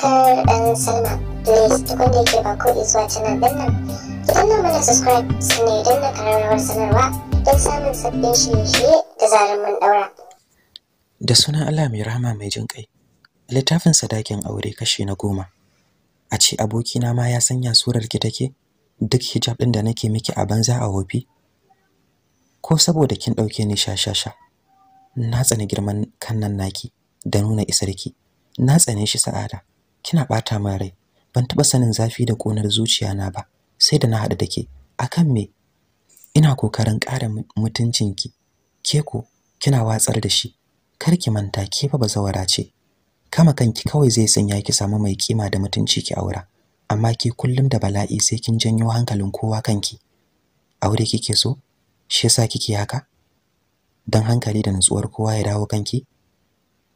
subscribe and sign up. Please ke subscribe sanarwa don samun sabbin da zarar sunan Allah mai rahama mai jin kai. Littafin sadakin aure kashi na goma. A ce abokina ma ya sanya surar ki take duk hijab ɗin da nake miki a banza a wofi. Ko saboda kin ɗauke ni shashasha. Na tsani girman kannan naki da nuna isarki. Na tsane shi sa'ada. kina bata min rai ban taba sanin zafi da konar zuciya na ba sai da na hadu da ke akan me ina kokarin kare mutuncinki ke ko kina watsar da shi kar ki manta ke fa bazawara ce kama kanki kawai zai sanya ki samu mai kima da mutunci ki aura amma ki kullum da bala'i sai kin janyo hankalin kowa kanki aure kike so shi yasa kike haka dan hankali da nutsuwar kowa ya dawo kanki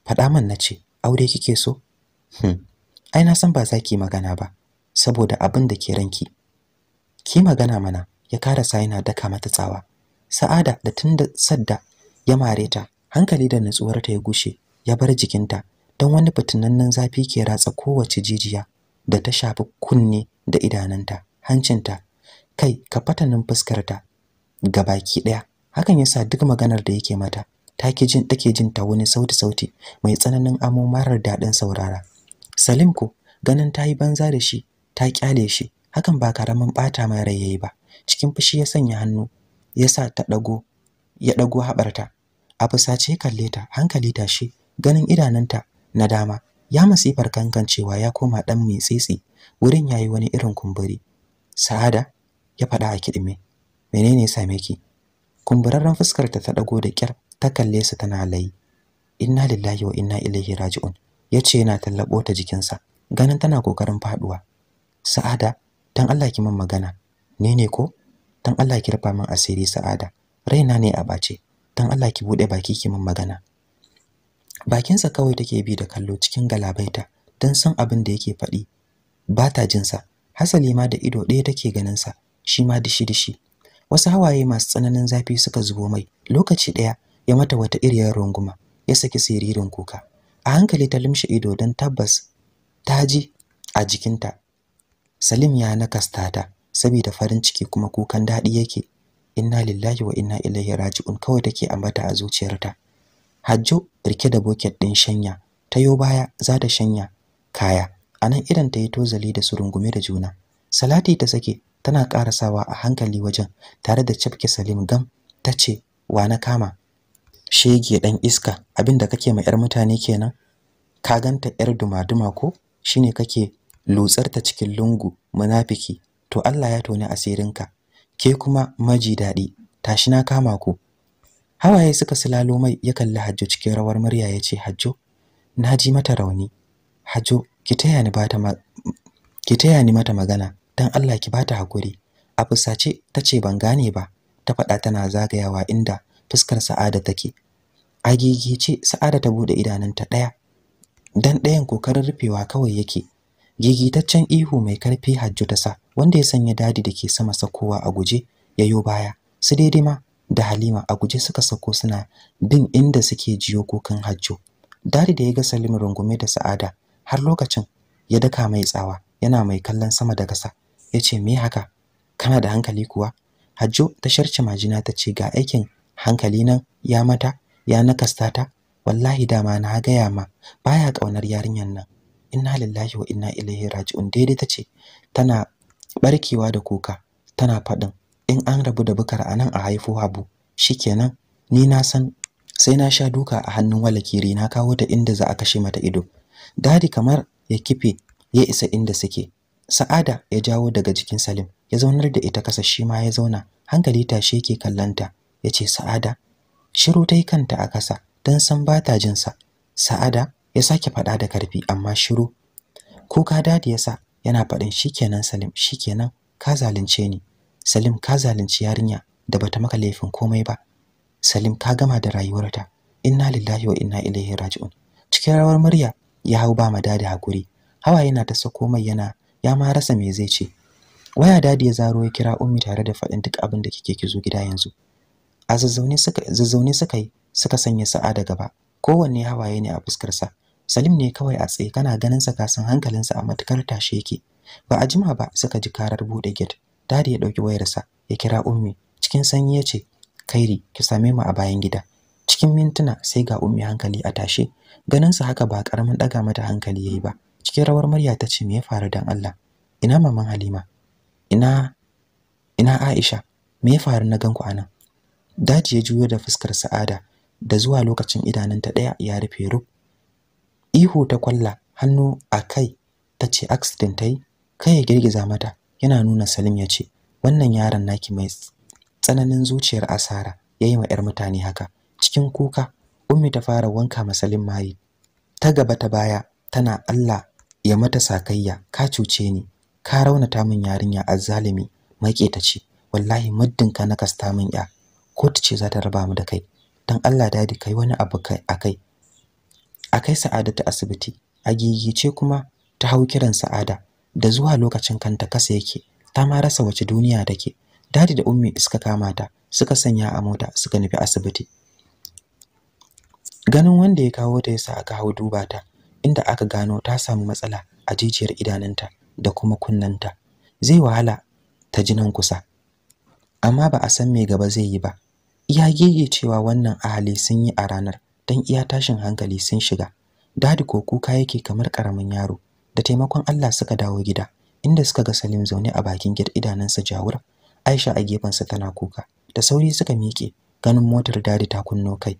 faɗa man nace aure kike so hmm. ai na san ba za ki magana ba saboda abin da ke ranki ki magana mana ya karasa yana daka mata tsawa sa'ada da tunda sadda ya mare ta hankali da nutsuwar ta ya gushe ya bar jikinta don wani fitinannen zafi ke ratsa kowace jijiya da ta shafi kunne da idananta hancinta kai ka fata kafatanin fuskarta baki daya hakan yasa duk maganar da yake mata take jin take jin ta wani sauti sauti mai tsananin amo marar dadin saurara Salim ko ganin ta yi banza da shi ta kyale shi hakan ba karamin ɓata mai rai yi ba cikin fushi ya sanya hannu ya sa ta dago ya ɗago haɓarta. a fusace kalle ta hankali ta shi, ganin idanunta na dama ya masifar kankancewa ya koma ɗan mai tsitsi wurin yayi wani irin kumburi sa'ada ya faɗa a kidime menene ya same ki kumburarren fuskarta ta ɗago da kyar ta kalle su tana layi inna lillahi wa inna ilaihi raji'un ya ce yana tallabo ta jikinsa ganin tana kokarin faduwa sa'ada dan Allah ki man magana ne ne ko dan Allah ki rufa min asiri sa'ada raina ne a bace dan Allah ki bude baki ki man magana bakinsa kawai take bi da kallo cikin galabaita dan san abin da yake faɗi ba ta jinsa hasali ma da ido ɗaya take ganin sa shi ma dishi dishi wasu hawaye masu tsananin zafi suka zubo mai lokaci ɗaya ya mata wata iriyar runguma ya saki siririn kuka a hankali ta limshe ido don tabbas ta ji a jikinta salim ya nakasta ta saboda farin ciki kuma kukan daɗi yake inna lillahi wa inna ilaihi raji'un kawai take ambata a zuciyarta hajjo rike da boket ɗin shanya tayo baya za ta shanya kaya anan idan ta yi tozali da su rungumi da juna salati ta sake tana karasawa a hankali wajen tare da cafke salim gam ta wa na kama shege dan iska abinda kake ma yar mutane kenan ka ganta yar dumaduma ko shine kake lutsar ta cikin lungu munafiki to Allah ya toni ka, ke kuma maji dadi tashi na kama ku hawaye suka silalo mai ya kalli Hajjo cikin rawar murya yace Hajjo naji mata rauni Hajjo ki taya ni bata ki taya ni mata magana dan Allah ki bata hakuri a fusace tace ban gane ba ta faɗa tana zagayawa inda fuskar Sa'ada take A gigice Sa'ada ta bude idanunta daya. Dan dayan kokarin rufewa kawai yake. Gigitaccen ihu mai karfi Hajju ta sa, wanda ya sanya dadi da ke sama sakowa a guje yayo baya. Su daidai ma da Halima a guje suka sako suna bin inda suke jiyo kokan Hajju. Dadi da ya ga Salim rungume da Sa'ada har lokacin ya daka mai tsawa yana mai kallon sama da ƙasa. yace ce me haka? Kana da hankali kuwa? Hajjo ta sharce majina ta ce ga aikin hankali nan ya mata ya nakasta ta wallahi dama na gaya ma baya kaunar yarinyar nan inna lillahi wa inna ilaihi raji'un daidai tace tana barkewa da kuka tana fadin in an rabu da bukar anan a haifo habu shikenan ni na san sai na sha duka a hannun walakiri na kawo ta inda za a kashe mata ido dadi kamar ya kife ya isa inda suke sa'ada ya jawo daga jikin salim ya zaunar da ita kasa shi ma ya zauna hankali tashi yake kallanta yace sa'ada Shiru ta yi kanta a kasa don san ba ta jinsa. Sa'ada ya sake faɗa da karfi amma shiru. Kuka dadi ya sa yana faɗin shikenan Salim shikenan ka zalunce ni. Salim ka zalunci yarinya da bata maka laifin komai ba. Salim ka gama da rayuwarta. Inna lillahi wa inna ilaihi raji'un. Cikin rawar murya ya hau ba ma dadi hakuri. Hawa yana ta sako mai yana ya ma rasa me zai ce. Waya dadi ya zaro ya kira Ummi tare da faɗin duk abin da kike ki zo gida yanzu. a zazzaune suka zazzaune suka yi suka sanya da gaba kowanne hawaye ne a fuskarsa Salim ne kawai a tsaye kana ganin sa kasan hankalinsa a matukar tashe yake ba a jima ba suka ji karar bude gate dadi ya dauki wayarsa ya kira ummi cikin sanyi ya ce kairi ki same mu a bayan gida cikin mintuna sai ga ummi hankali a tashe ganin sa haka ba karamin daga mata hankali yayi ba cikin rawar murya ta ce me ya faru dan Allah ina maman Halima ina ina Aisha me ya faru na ganku anan daji ya juyo da fuskar sa'ada da zuwa lokacin idanunta ɗaya ya rufe rub ihu ta kwalla hannu a kai ta ce accident ta yi kai ya girgiza mata yana nuna salim ya ce wannan yaron naki mai tsananin zuciyar asara ya yi ma 'yar mutane haka cikin kuka ummi ta fara wanka ma salim mayi ta gaba ta baya tana allah ya mata sakayya ka cuce ni ka raunata min yarinya azzalimi ce. wallahi muddin ka na kasta min ya kotu ce za ta raba mu da kai dan Allah dadi kai wani abu kai akai akai ta asibiti a gigice kuma ta hau kiran sa'ada da zuwa lokacin kanta kasa yake ta ma rasa wace duniya take dadi da ummi suka kama ta suka sanya a mota suka nufi asibiti ganin wanda ya kawo ta yasa aka hau duba ta inda aka gano ta samu matsala a jijiyar idanunta da kuma kunnanta zai wahala ta jinan kusa amma ba a san me gaba zai yi ba Ya gege cewa wannan ahali sun yi a ranar don iya tashin hankali sun shiga dadi ko kuka yake kamar karamin yaro da taimakon Allah suka dawo gida inda suka ga Salim zaune a bakin gate idanansa jawur Aisha a gefensa tana kuka da sauri suka miƙe ganin motar dadi ta kunno kai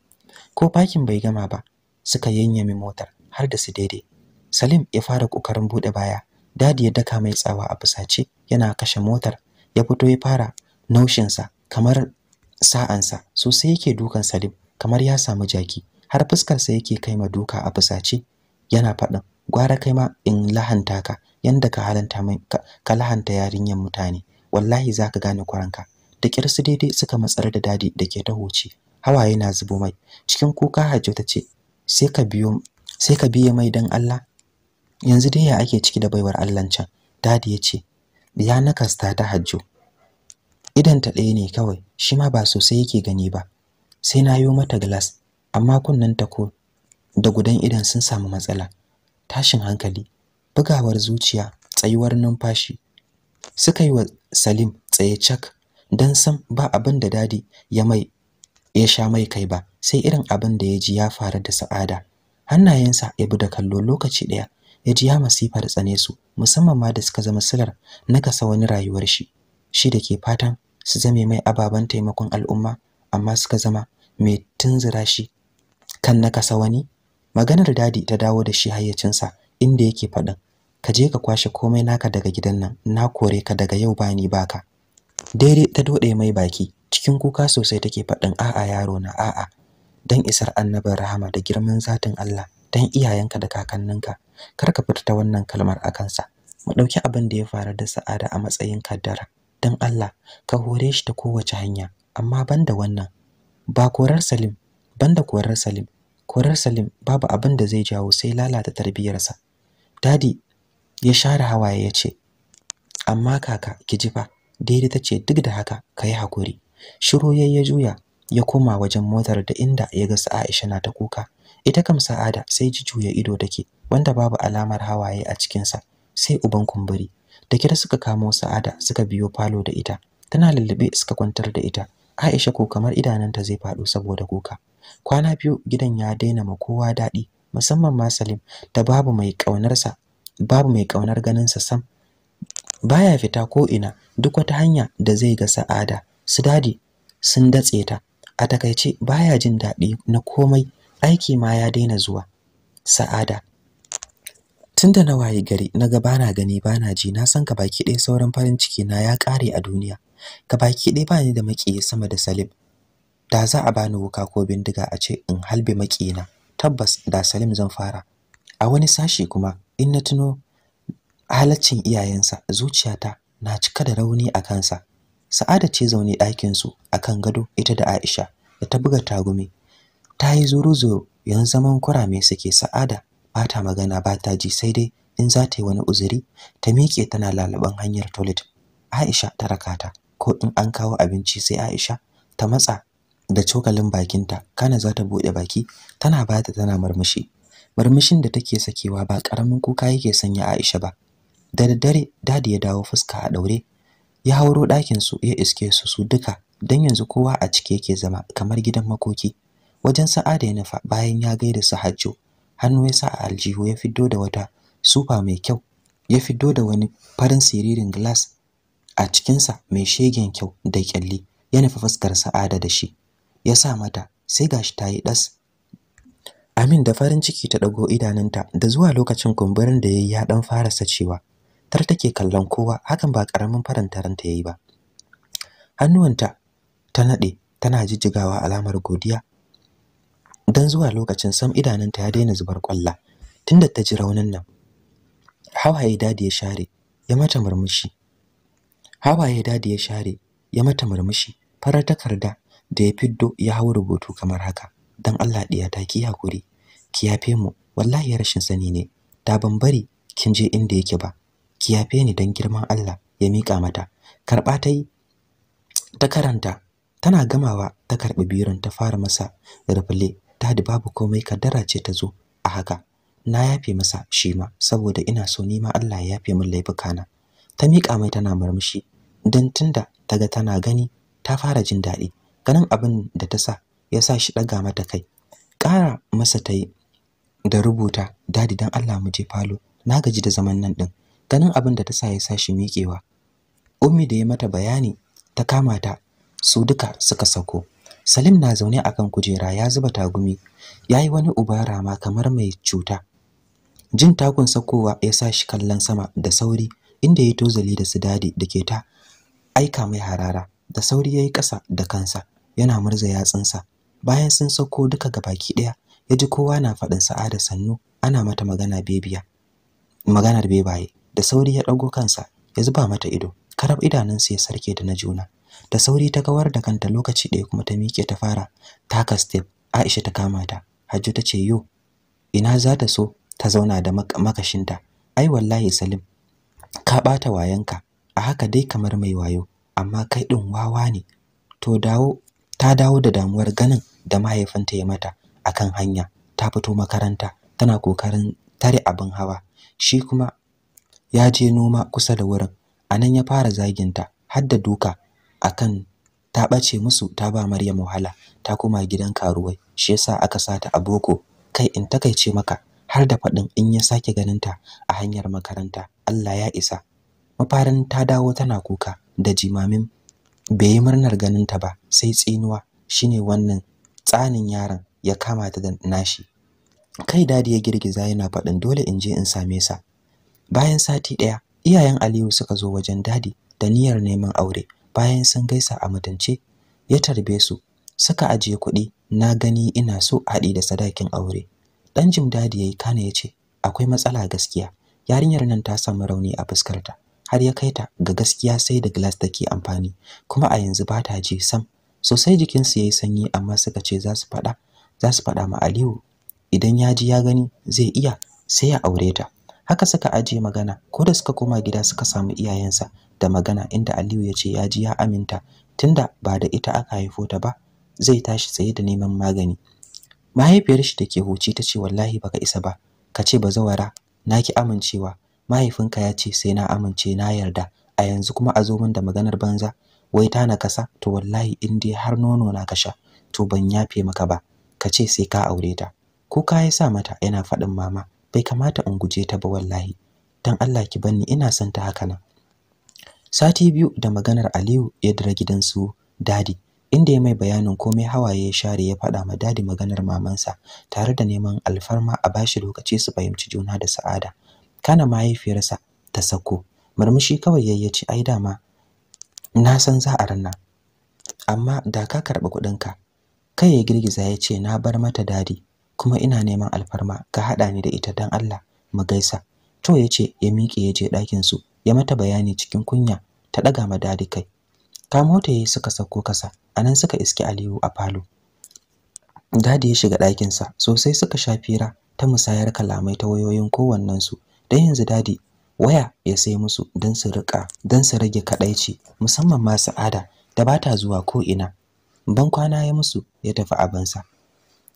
ko fakin bai gama ba suka yanyame motar har da su daidai Salim ya fara kokarin bude baya dadi ya daka mai tsawa a fusace yana kashe motar ya fito ya fara naushinsa kamar sa'ansa sosai yake dukan Salim kamar ya samu jaki har fuskar sa yake ma duka a fusace yana faɗin gwara kai ma in lahanta ka yanda ka halanta mai ka lahanta yarinyar mutane wallahi zaka gane kwaranka da kirsu daidai suka matsar da dadi dake ta huce hawaye na zubo mai cikin kuka Hajjo ta ce sai ka biyo sai ka biye mai dan Allah yanzu dai ya ake ciki da baiwar Allah can dadi ya ce ya nakasta ta Hajjo ta ɗaya ne kawai shi ma ba sosai yake gani ba sai na yo mata glass amma ta ko da gudan idan sun samu matsala tashin hankali bugawar zuciya tsayuwar numfashi suka yi wa Salim tsaye cak don san ba abin da dadi ya mai ya sha mai kai ba sai irin abin da ya ji ya faru da Sa'ada hannayensa ya bi da kallo lokaci ɗaya, ya ji ya masifar tsane su musamman ma da suka zama silar na kasa wani rayuwar shi shi da ke fatan su zame mai ababen taimakon al'umma amma suka zama mai tunzura shi kan na kasa wani maganar dadi ta dawo da shi hayyacinsa inda yake faɗin ka je ka kwashe komai naka daga gidan nan na kore ka daga yau ba ni baka daidai ta dode mai baki cikin kuka sosai take faɗin a'a yaro na a'a dan isar annabin rahama da girman zatin Allah dan iyayenka da kakanninka kar ka fita ta wannan kalmar a kansa. mu dauki abin da ya faru da sa'ada a matsayin kaddara dan Allah ka hore shi ta kowace hanya amma banda wannan ba korar Salim banda korar Salim korar Salim babu abin da zai jawo sai lalata tarbiyarsa dadi ya share hawaye ya ce amma kaka ki ji fa daidai tace duk da haka ka hakuri shiru yayi ya juya ya koma wajen motar da inda ya ga Aisha na ta kuka ita kam Sa'ada sai ji juya ido take wanda babu alamar hawaye a cikinsa sai uban kumburi da kira suka kamo sa'ada suka biyo falo da ita tana lullube suka kwantar da ita Aisha ko kamar idananta zai faɗo saboda kuka kwana biyu gidan ya daina ma kowa daɗi musamman ma Salim da babu mai ƙaunar babu mai ganin sa sam baya fita ko ina duk wata hanya da zai ga sa'ada su dadi sun datse ta a takaice baya jin daɗi na komai aiki ma ya daina zuwa sa'ada Tun da na waye gari na ga bana gani bana ji na san ka baki ɗaya sauran farin ciki na ya ƙare a duniya ka baki ɗaya bani da makiyi sama da Salim da za a bani wuka ko bindiga a ce in halbe maƙina, tabbas da Salim zan fara a wani sashi kuma in na tuno halaccin iyayensa zuciyata na cika da rauni a kansa Sa'ada ce zaune ɗakin su akan gado ita da Aisha da ta buga tagumi ta yi zuru-zuru yan zaman kura mai suke Sa'ada bata magana bata ji sai dai in za ta yi wani uzuri ta miƙe tana lalaban hanyar toilet Aisha ta rakata, ko in an kawo abinci sai Aisha ta matsa da cokalin bakinta kana za ta buɗe baki tana bata tana murmushi murmushin da take sakewa ba ƙaramin kuka yake sanya Aisha ba da daddare dadi ya dawo fuska a daure ya hauro ɗakin su ya iske su su duka dan yanzu kowa a cike yake zama kamar gidan makoki wajen sa'ada ya nufa bayan ya gaida su hajjo hannu ya sa a aljihu ya fiddo da wata sufa mai kyau ya fiddo da wani farin siririn glass a cikinsa mai shegen kyau da kyalli ya nufi fuskar sa'ada da shi ya sa mata sai gashi ta yi ɗas amin da farin ciki ta ɗago idanunta da zuwa lokacin kumburin da ya yi ya ɗan fara sacewa tar take kallon kowa hakan ba ƙaramin faranta ranta ya yi ba hannuwanta ta naɗe tana jijjigawa alamar godiya dan zuwa lokacin sam idanunta ya daina zubar kwalla tunda ta ji raunin nan hawaye dadi ya share ya mata murmushi hawaye dadi ya share ya mata murmushi farar takarda da ya fiddo ya hau rubutu kamar haka dan Allah diya ta ki hakuri ki yafe mu wallahi ya rashin sani ne ta ban kin je inda yake ba ki yafe ni dan girman Allah ya mika mata karba ta yi ta karanta tana gamawa ta karɓi biron ta fara masa rufle dadi babu komai kaddara ce ta zo a haka na yafe masa shi ma saboda ina so ni ma Allah ya yafe min laifukana ta mika mai tana murmushi dan tunda taga tana gani ta fara jin daɗi ganin abin da ta sa ya sa shi ɗaga mata kai ƙara masa ta yi da rubuta dadi dan Allah mu je falo na gaji da zaman nan ɗin ganin abin da ta sa ya sa shi miƙewa ummi da ya mata bayani ta kama ta su duka suka sako Salim na zaune a kan kujera ya zuba tagumi ya yi wani ubara ma kamar mai cuta jin takun sakowa ya sa shi kallon sama da sauri inda ya tozali da su dadi da ke ta aika mai harara da sauri yayi ƙasa da kansa yana murza yatsunsa bayan sun sako duka ga baki ɗaya, ya ji kowa na faɗin da sannu ana mata magana bebiya maganar bebaye da sauri ya ɗago kansa ya zuba mata ido karab idanunsa ya sarke da na juna da sauri ta kawar da kanta lokaci ɗaya kuma ta miƙe ta fara taka step Aisha ta kama ta Hajju ta ce yo ina za ta so ta zauna da makashinta ai wallahi Salim ka bata wayanka a haka dai kamar mai wayo amma kai ɗin wawa ne to dawo ta dawo da damuwar ganin da mahaifinta ya mata akan hanya ta fito makaranta tana kokarin tare abin hawa shi kuma ya je noma kusa da wurin A nan ya fara zaginta har da duka akan ta bace musu ta ba Maryam wahala ta kuma gidan karuwai shi yasa aka sata a boko kai in takaice maka har da fadin in ya sake ganinta a hanyar makaranta Allah ya isa mafarin ta dawo tana kuka da jimamin bai yi murnar ganinta ba sai tsinuwa shine wannan tsanin yaron ya kama ta da nashi kai dadi ya girgiza yana faɗin dole in je in same sa bayan sati ɗaya iyayen Aliyu suka zo wajen dadi da niyyar neman aure bayan sun gaisa a mutunce ya tarbe su suka ajiye kuɗi na gani ina so haɗi da sadakin aure dan jim dadi yayi kana yace akwai matsala gaskiya yarinyar nan ta samu rauni a fuskarta har ya kai ta ga gaskiya sai da glass take amfani kuma a yanzu ba ta ji sam sosai jikinsu yayi sanyi amma suka ce za su faɗa za su faɗa ma Aliyu idan ya ji ya gani zai iya sai ya aure ta haka suka ajiye magana ko da suka koma gida suka samu iyayensa da magana inda Aliyu ya ce ya ji ya aminta tunda ba da ita aka haifo ta ba zai tashi tsaye da neman magani mahaifiyar shi ke huci ta ce wallahi baka isa ba ka ce ba zawara. Na ki amincewa mahaifinka ya ce sai na amince na yarda a yanzu kuma a zo min da maganar banza wai ta na kasa to wallahi in dai har nono na kasha to ban yafe maka ba ka ce sai ka aure ta kuka ya sa mata yana faɗin mama bai kamata in guje ta ba wallahi dan Allah ki banni ina son ta haka nan sati biyu da maganar Aliyu ya dira gidansu dadi inda ya mai bayanin komai hawaye ya share ya faɗa ma dadi maganar mamansa tare da neman alfarma a bashi lokaci su fahimci juna da sa'ada kana mahaifiyarsa ta sako murmushi kawai ce ai dama na san za a ranna amma da ka karɓi kuɗinka kai ya girgiza ya ce na bar mata dadi kuma ina neman alfarma ka haɗa ni da ita don Allah mu gaisa to ya ce ya miƙe ya je ɗakin su ya mata bayani cikin kunya ta daga madadi kai kamota mota yayi suka sako kasa anan suka iski Aliyu a falo dadi ya shiga ɗakin sa sosai suka sha fira ta musayar kalamai ta wayoyin kowannen su dan yanzu dadi waya ya sai musu dan su rika dan su rage kadaici musamman ma Sa'ada da bata zuwa ko ina ban kwana ya musu ya tafi abansa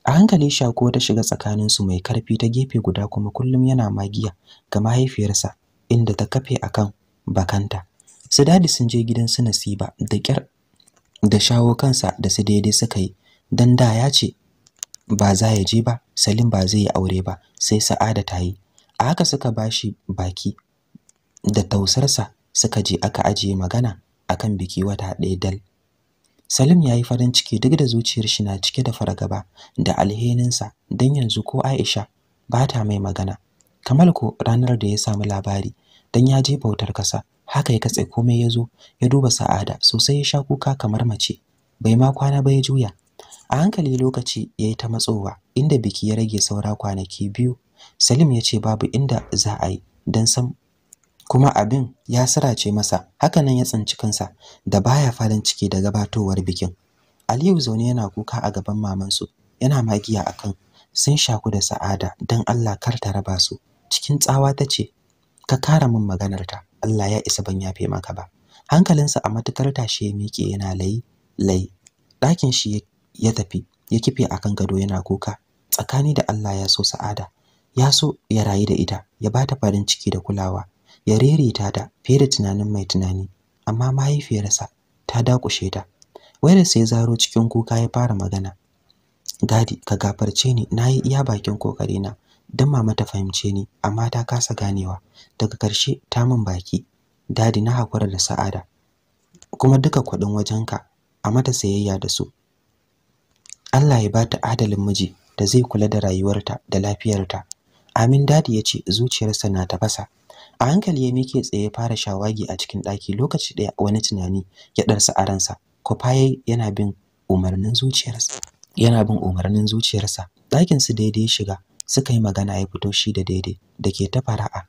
a hankali shako ta shiga tsakaninsu mai karfi ta gefe guda kuma kullum yana magiya ga mahaifiyarsa inda ta kafe akan bakanta su dadi sun je gidan su nasiba da kyar da shawo kansa da su daidai suka yi dan da ya ce ba za ya je ba salim ba zai yi aure ba sai sa'ada ta yi a haka suka bashi baki da tausarsa suka je aka ajiye magana akan biki wata ɗaya dal Salim ya yi farin ciki duk da zuciyar shi na cike da fargaba da alheninsa don yanzu ko Aisha ba ta mai magana Kamal ko ranar da ya samu labari dan ya je bautar kasa haka ya katse komai ya zo ya duba Sa'ada sosai ya sha kuka kamar mace bai ma kwana ba ya juya a hankali lokaci yayi ta matsowa inda biki ya rage saura kwanaki biyu Salim ya ce babu inda za a yi dan sam kuma abin ya sirace masa hakanan ya tsinci kansa da baya farin ciki da gabatowar bikin Aliyu zaune yana kuka a gaban mamansu yana magiya akan sun shaku da sa'ada dan Allah kar ta raba su cikin tsawa ta ce ka kara min maganarta Allah ya isa ban yafe maka ba hankalinsa a matukar tashi ya miƙe yana layi layi ɗakin shi ya tafi ya kife a kan gado yana kuka tsakani da Allah ya so sa'ada ya so ya rayu da ita ya bata farin ciki da kulawa ya rere ta fiye da tunanin mai tunani amma mahaifiyarsa ta dakushe ta wayar sai zaro cikin kuka ya fara magana Gadi ka gafarce ni nayi iya bakin kokarina don mama ta fahimce ni amma ta kasa ganewa daga ƙarshe ta min baki dadi na hakura da sa'ada kuma duka kuɗin wajenka a mata sayayya da su Allah ya bata adalin miji da zai kula da rayuwarta da lafiyarta Amin dadi ya ce zuciyarsa na tafasa a hankali ya mike tsaye fara shawagi a cikin ɗaki lokaci ɗaya wani tunani ya ɗarsa a ransa kofaye yana bin umarnin zuciyarsa yana bin umarnin zuciyarsa daidai shiga suka yi magana ya fito shi da daidai da ke ta fara'a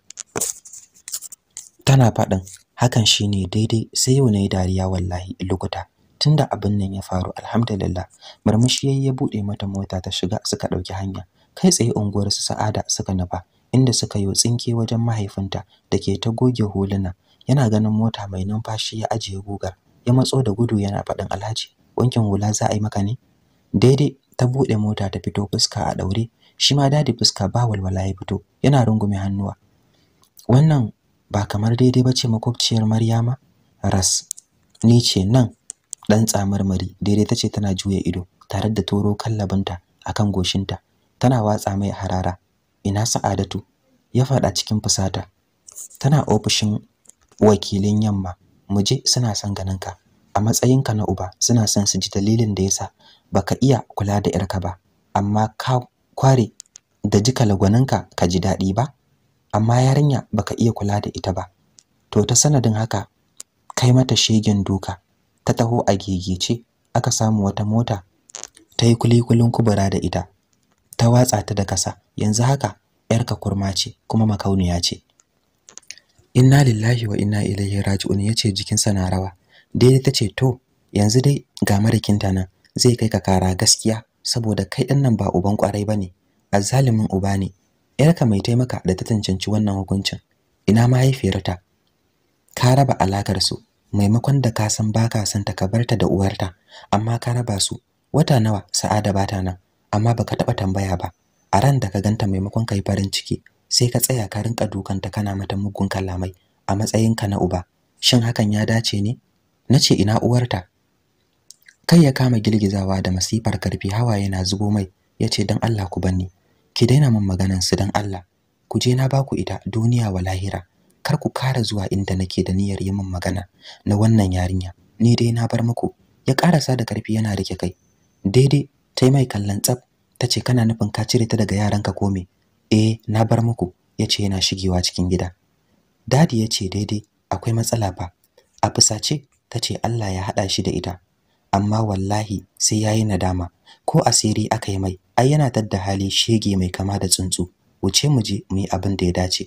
tana faɗin hakan shi ne, daidai sai yau na yi dariya wallahi lokuta tunda abin nan ya faru alhamdulillah marmashi yayi ya buɗe mata mota ta shiga suka ɗauki hanya kai tsaye unguwar sa'ada suka nufa inda suka yi tsinke wajen mahaifinta da ke ta goge huluna yana ganin mota mai numfashi ya ajiye gugar ya matso da gudu yana faɗin alhaji wankin hula za a yi maka ne daidai ta buɗe mota ta fito fuska a ɗaure shi ma dadi fuska ba walwala ya fito yana rungume hannuwa wannan ba kamar daidai bace makwabciyar Maryama ras ni ce nan dan tsamarmari daidai tace tana juya ido tare da toro kallabinta akan goshinta tana watsa mai harara ina sa'adatu ya fada cikin fusata tana ofishin wakilin yamma muje suna son ganinka a matsayinka na uba suna son su ji dalilin da yasa baka iya kula da yarka ba amma ka kware da jika lagwaninka ka ji daɗi ba amma yarinya baka iya kula da ita ba to ta sanadin haka kai mata shegen duka ta taho a gegece aka samu wata mota ta yi kulikulin kubura da ita ta watsa ta da kasa yanzu haka yarka kurma ce kuma makauniya ce inna lillahi wa inna ilaihi raji'un yace jikinsa na rawa daidai ta ce to yanzu dai ga marikinta nan zai kai ka kara gaskiya saboda kai ɗan nan ba uban ƙwarai ba ne, a zalimin uba ne yarka mai taimaka da ta cancanci wannan hukuncin ina mahaifiyarta ka raba alakarsu maimakon da ka san baka san ta ka barta da uwarta amma ka raba su wata nawa sa'ada bata nan amma baka taɓa tambaya ba a ran da ka ganta maimakon ka yi farin ciki sai ka tsaya ka rinka dukanta kana mata mugun kalamai a matsayinka na uba shin hakan ya dace ne Na ce ina uwarta kai ya kama gilgizawa da masifar karfi hawa yana zubo mai yace dan Allah ku banni ki daina min maganan su dan Allah ku je na baku ita duniya wa lahira kar ku kara zuwa inda nake da niyyar yin min magana na wannan yarinya ni dai na bar muku ya karasa da karfi yana rike kai daidai tai mai kallon tsaf tace kana nufin ka cire ta daga yaranka ko me eh na bar muku yace yana shigewa cikin gida dadi yace daidai akwai matsala fa a fusace tace Allah ya hada shi da ita amma wallahi sai yayi nadama ko asiri aka yi mai ai yana tadda hali shege mai kama da tsuntsu wuce mu je mu yi abin da ya dace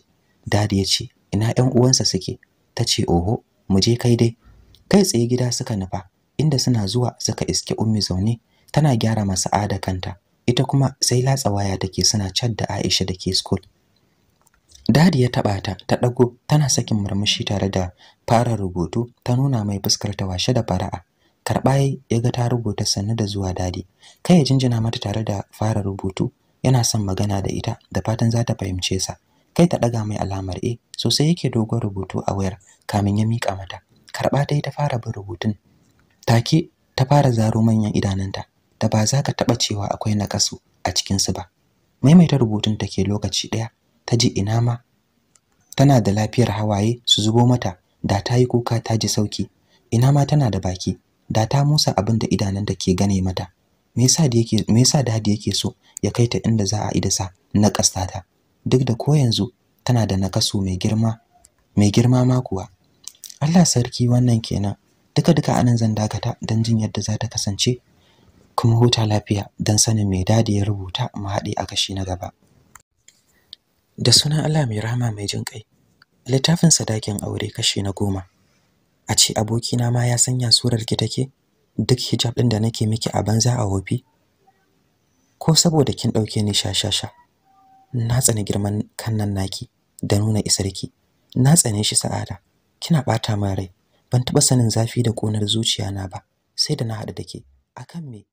dadi ya ce ina ƴan uwansa suke ta ce oho mu je kai dai kai tsaye gida suka nufa inda suna zuwa suka iske ummi zaune tana gyara masa ada kanta ita kuma sai latsa waya take suna chat da Aisha da ke school Dadi ya taba ta ta dago tana sakin murmushi tare da fara rubutu ta nuna mai fuskar ta washe da fara'a karɓa ya ga ta rubuta sannu da zuwa dadi kai ya jinjina mata tare da fara rubutu yana son magana da ita da fatan za ta fahimce sa kai ta daga mai alamar e sosai yake dogon rubutu a wayar kamin ya mika mata karɓa dai ta fara bin rubutun take ta fara zaro manyan idananta da ba za ka taɓa cewa akwai nakasu a cikin su ba maimaita rubutun take lokaci ɗaya ta ji ina ma tana da lafiyar hawaye su zubo mata da ta yi kuka ta ji sauki ina ma tana da baki da ta musa abin da da ke gane mata me yasa da yake me yasa dadi yake so ya kai ta inda za a idasa na kastata duk da ko yanzu tana da nakasu mai girma mai girma ma kuwa Allah sarki wannan kenan duka duka anan zan dakata dan jin yadda za ta kasance kuma huta lafiya dan sanin mai dadi ya rubuta mu haɗe a kashi na gaba da sunan Allah mai rahama mai jin kai littafin sadakin aure kashi na goma a ce abokina ma ya sanya surar ki take duk hijab ɗin da nake miki a banza a wofi ko saboda kin ɗauke ni shashasha na tsani girman kan nan naki da nuna isarki na tsane shi sa'ada kina ɓata min rai ban taɓa sanin zafi da ƙonar zuciya na ba sai da na haɗu da ke akan me